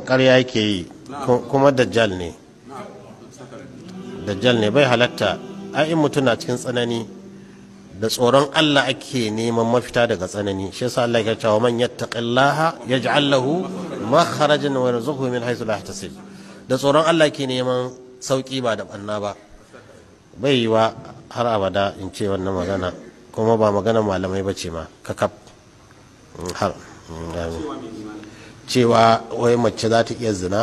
karya yake yi kuma dajjal ne dajjal ne bai halatta ai in mutum na cikin tsanani da tsoron Allah ake neman mafita daga tsanani shi yasa Allah ya cewa man yattaqillaha yaj'al lahu makharajan wa yarzuquhu min haythu la yahtasib da tsoron Allah ke neman sauki ba da banna ba bai yi wa har abada in ce wannan magana kuma ba magana malamai bace ma kakab har mm, cewa wai mace za ta iya zina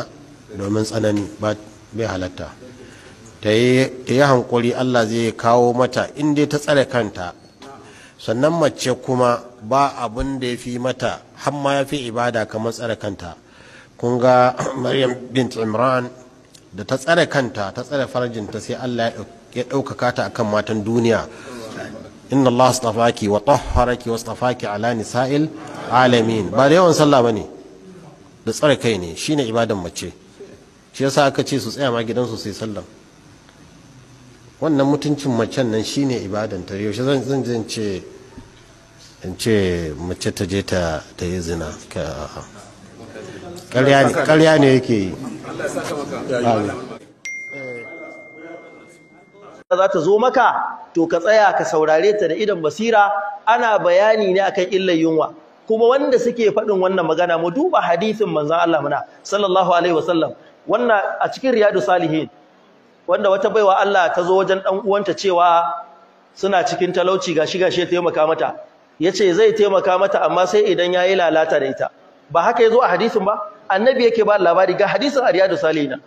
domin tsanani ba bai halatta ta yi hankuri allah zai kawo mata inda ta tsare kanta sannan mace kuma ba abin da ya fi mata hamma ya fi ibada kamar tsare kanta kun ga maryam bint imran da ta tsare kanta ta tsare farjinta sai allah ya ɗaukaka ta akan matan duniya inna allah astafaki wa tahharaki wa astafaki ala nisa'il alamin ba da yawan sallah bane da tsare kai ne shine ibadan mace shi yasa aka ce su tsaya ma gidansu sai sallan wannan mutuncin macen nan shine ibadan ta yaushe zan zan zan ce in ce mace ta je ta ta yi zina ƙarya ne yake yi za ta zo maka to ka tsaya ka saurare ta da idan basira ana bayani ne akan illar yunwa kuma wanda suke faɗin wannan magana mu duba hadisin manzon Allah muna sallallahu alaihi wasallam wannan a cikin riyadu salihin wanda wata baiwa Allah ta zo wajen dan uwanta cewa suna cikin talauci gashi gashi ya taimaka mata yace zai taimaka mata amma sai idan yayi lalata da ita ba haka yazo a hadisin ba annabi yake ba labari ga hadisin a riyadu salihin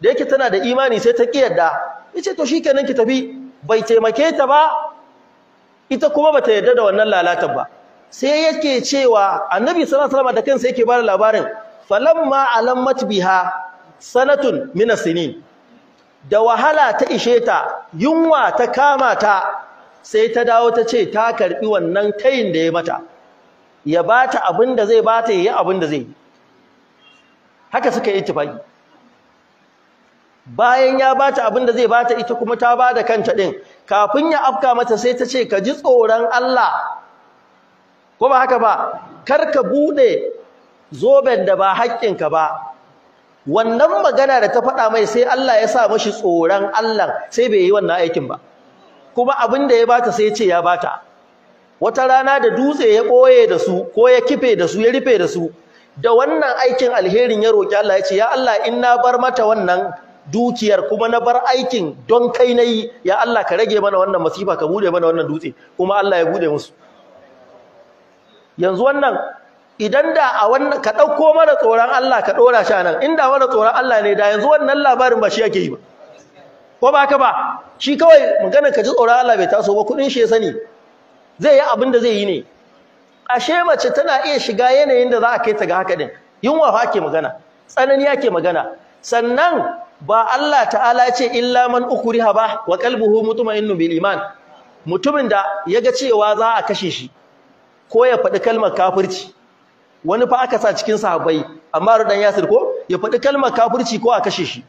da yake tana da imani sai ta kiyarda yace to shikenan ki tafi bai taimake ta ba ita kuma bata yarda da wannan lalatar ba sai yake cewa annabi sallallahu alaihi da kansa yake bada labarin falamma alammat biha sanatun min asinin da wahala ta ishe ta yunwa ta kama ta sai ta dawo ta ce ta karbi wannan tayin da ya mata ya bata abin zai bata yayi abin zai haka suka yi ittifaki bayan ya bata abin zai bata ita kuma ta bada kanta din kafin ya afka mata sai ta ce ka ji tsoron Allah ko haka ba kar ka bude zoben da ba haƙƙinka ba wannan magana da ta faɗa mai sai Allah ya sa mashi tsoron Allah sai bai yi wannan aikin ba kuma abin da ya bata sai ya ce ya bata wata rana da dutse ya koye da su ko ya kife da su ya rufe da su da wannan aikin alherin ya roki Allah ya ce ya Allah in na bar mata wannan dukiyar kuma na bar aikin don kai nayi ya Allah ka rage mana wannan masifa ka bude mana wannan dutse kuma Allah ya bude musu yanzu wannan idan da a wannan ka ɗauko mara tsoron Allah ka dora shi a nan inda mara tsoron Allah ne da yanzu wannan labarin ba shi yake yi ba ko ba ka ba shi kawai magana ka ji tsoron Allah bai taso ba kuɗin shi ya sani zai yi abin da zai yi ne ashe mace tana iya shiga yanayin da za a kai ta ga haka din yunwa fa ake magana tsanani ake magana sannan ba Allah ta'ala ya ce illa man ukriha ba wa qalbuhu mutma'innun bil iman mutumin da ya ga cewa za a kashe shi ko ya faɗi kalmar kafirci wani fa aka sa cikin sahabbai amma rudan yasir ko ya faɗi kalmar kafirci ko a kashe shi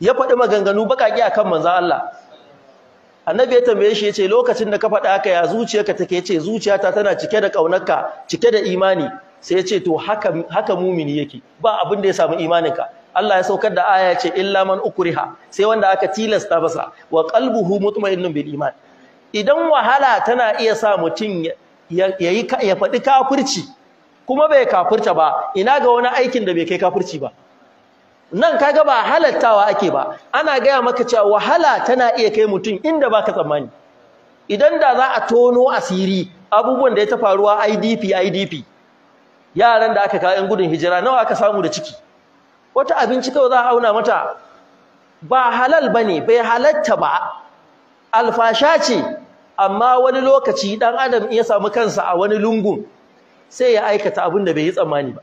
ya faɗi maganganu baƙaƙe akan manzon Allah annabi ya tambaye shi yace lokacin da ka faɗa haka ya zuciyarka take yace zuciyata tana cike da kaunarka cike da imani sai yace to haka haka mumini yake ba abin da ya samu imaninka Allah ya saukar da aya yace illa man ukriha sai wanda aka tilasta masa wa qalbuhu mutma'innun bil iman idan wahala tana iya sa mutum ya faɗi kafirci kuma bai kafirta ba ina ga wani aikin da bai kai kafirci ba nan kaga ba halattawa ake ba ana gaya maka cewa wahala tana iya kai mutum inda baka tsammani idan da za a tono asiri abubuwan da ya ta faruwa IDP IDP yaran da aka kayan gudun hijira nawa aka samu da ciki wata abinci kawai za a auna mata ba halal bane bai halatta ba alfasha ce amma wani lokaci dan adam ya samu kansa a wani lungun sai ya aikata abin da bai yi tsammani ba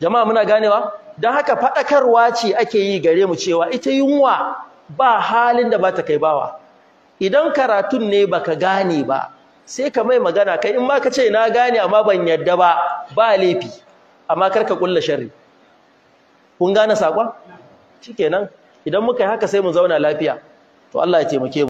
jama'a muna ganewa don haka faɗakarwa ce ake yi gare mu cewa ita yunwa ba halin da ba ta kai bawa idan karatun ne baka gane ba sai ka mai magana kai in ma ka ce na gane amma ban yadda ba ba laifi amma kar ka kulla sharri kun gane sakon shikenan idan muka yi haka sai mu zauna lafiya to Allah ya taimake mu